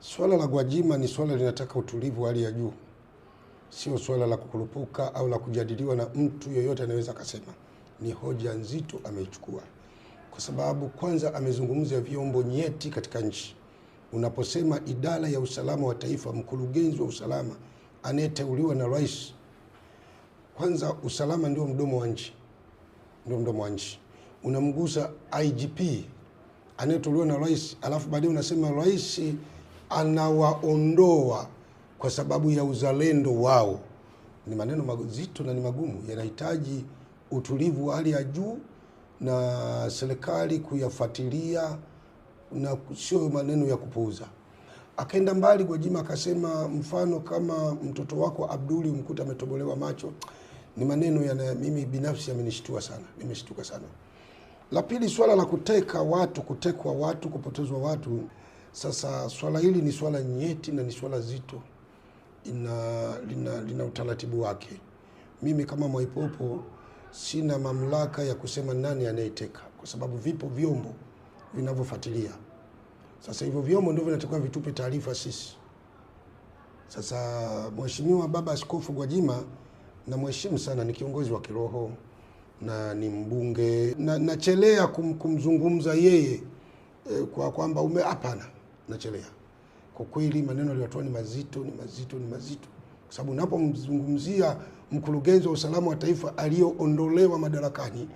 Swala la Gwajima ni swala linataka utulivu wa hali ya juu, sio swala la kukurupuka au la kujadiliwa na mtu yoyote anaweza akasema. Ni hoja nzito ameichukua, kwa sababu kwanza amezungumza vyombo nyeti katika nchi. Unaposema idara ya usalama wa taifa, mkurugenzi wa usalama anayeteuliwa na rais, kwanza usalama ndio mdomo wa nchi, ndio mdomo wa nchi. Unamgusa IGP anayeteuliwa na rais, alafu baadaye unasema rais anawaondoa kwa sababu ya uzalendo wao. Ni maneno mazito na ni magumu, yanahitaji utulivu wa hali ya juu na serikali kuyafuatilia, na sio maneno ya kupuuza. Akaenda mbali Gwajima akasema, mfano kama mtoto wako Abduli umkuta ametobolewa macho. Ni maneno yana mimi binafsi yamenishtua sana, nimeshtuka sana. La pili, swala la kuteka watu, kutekwa watu, kupotezwa watu sasa swala hili ni swala nyeti na ni swala zito, ina lina, lina utaratibu wake. Mimi kama Mwaipopo sina mamlaka ya kusema nani anayeteka, kwa sababu vipo vyombo vinavyofuatilia. Sasa hivyo vyombo ndio vinatakiwa vitupe taarifa sisi. Sasa Mheshimiwa Baba Askofu Gwajima namheshimu sana, ni kiongozi wa kiroho na ni mbunge na nachelea kum, kumzungumza yeye eh, kwa kwamba ume hapana nachelea. Kwa kweli maneno aliyotoa ni mazito, ni mazito, ni mazito, kwa sababu unapomzungumzia mkurugenzi wa usalama wa taifa aliyoondolewa madarakani,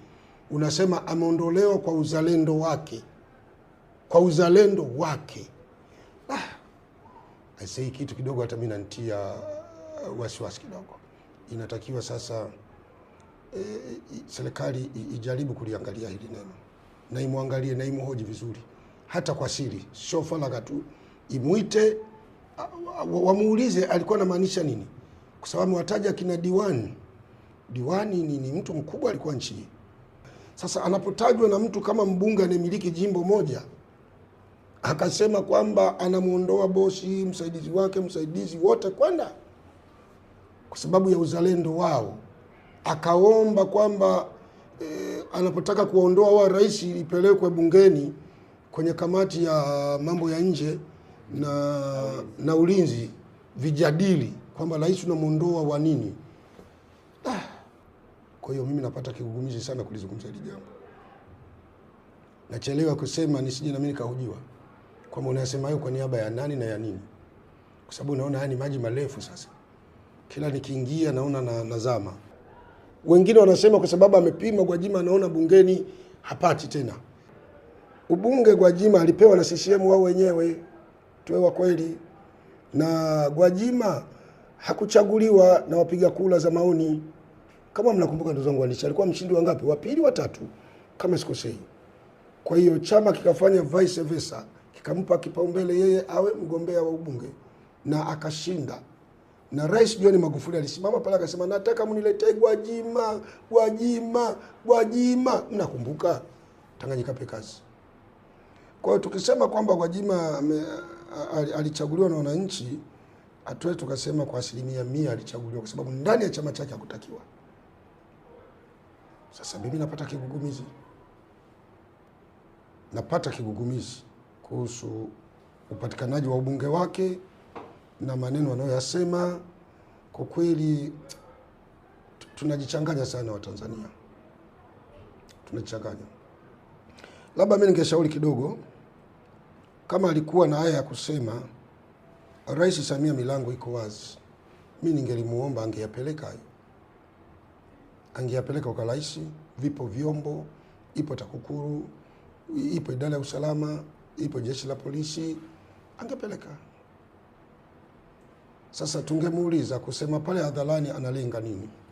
unasema ameondolewa kwa uzalendo wake, kwa uzalendo wake. Ah, aisee, kitu kidogo hata mimi nantia uh, wasiwasi kidogo. Inatakiwa sasa e, serikali ijaribu kuliangalia hili neno na imwangalie na imhoji vizuri hata kwa siri, sio faragha tu, imwite wamuulize alikuwa anamaanisha nini, kwa sababu amewataja kina diwani. Diwani ni, ni mtu mkubwa alikuwa nchini. Sasa anapotajwa na mtu kama mbunge anayemiliki jimbo moja akasema kwamba anamuondoa bosi, msaidizi wake, msaidizi wote kwenda kwa sababu ya uzalendo wao, akaomba kwamba e, anapotaka kuwaondoa wa rais ipelekwe bungeni kwenye kamati ya mambo ya nje na, na ulinzi vijadili kwamba rais unamwondoa wa nini. Ah, kwa hiyo mimi napata kigugumizi sana kulizungumza hili jambo, nachelewa kusema nisije na mimi nikahojiwa kwamba unasema hiyo kwa niaba ya nani na ya nini, kwa sababu naona haya ni maji marefu. Sasa kila nikiingia naona na, nazama. Wengine wanasema kwa sababu amepima Gwajima, anaona bungeni hapati tena. Ubunge Gwajima alipewa na CCM wao wenyewe, tuwe wa kweli, na Gwajima hakuchaguliwa na wapiga kula za maoni. Kama mnakumbuka ndugu zangu waandishi, alikuwa mshindi wa ngapi? Wa pili, wa tatu, kama sikosei. Kwa hiyo chama kikafanya vice versa, kikampa kipaumbele yeye awe mgombea wa ubunge na akashinda na Rais John Magufuli alisimama pale akasema, nataka mniletee Gwajima, Gwajima, Gwajima. Mnakumbuka? Tanganyika Pekazi. Kwa hiyo tukisema kwamba Gwajima alichaguliwa na wananchi, hatuwezi tukasema kwa asilimia mia alichaguliwa, kwa sababu ndani ya chama chake hakutakiwa. Sasa mimi napata kigugumizi, napata kigugumizi kuhusu upatikanaji wa ubunge wake na maneno anayoyasema. Kwa kweli tunajichanganya sana Watanzania, tunajichanganya. Labda mimi ningeshauri kidogo kama alikuwa na haya ya kusema, Rais Samia milango iko wazi, mi ningelimuomba angeyapeleka hayo, angeyapeleka kwa rais. Vipo vyombo, ipo TAKUKURU, ipo idara ya usalama, ipo jeshi la polisi, angepeleka. Sasa tungemuuliza kusema pale hadharani analenga nini?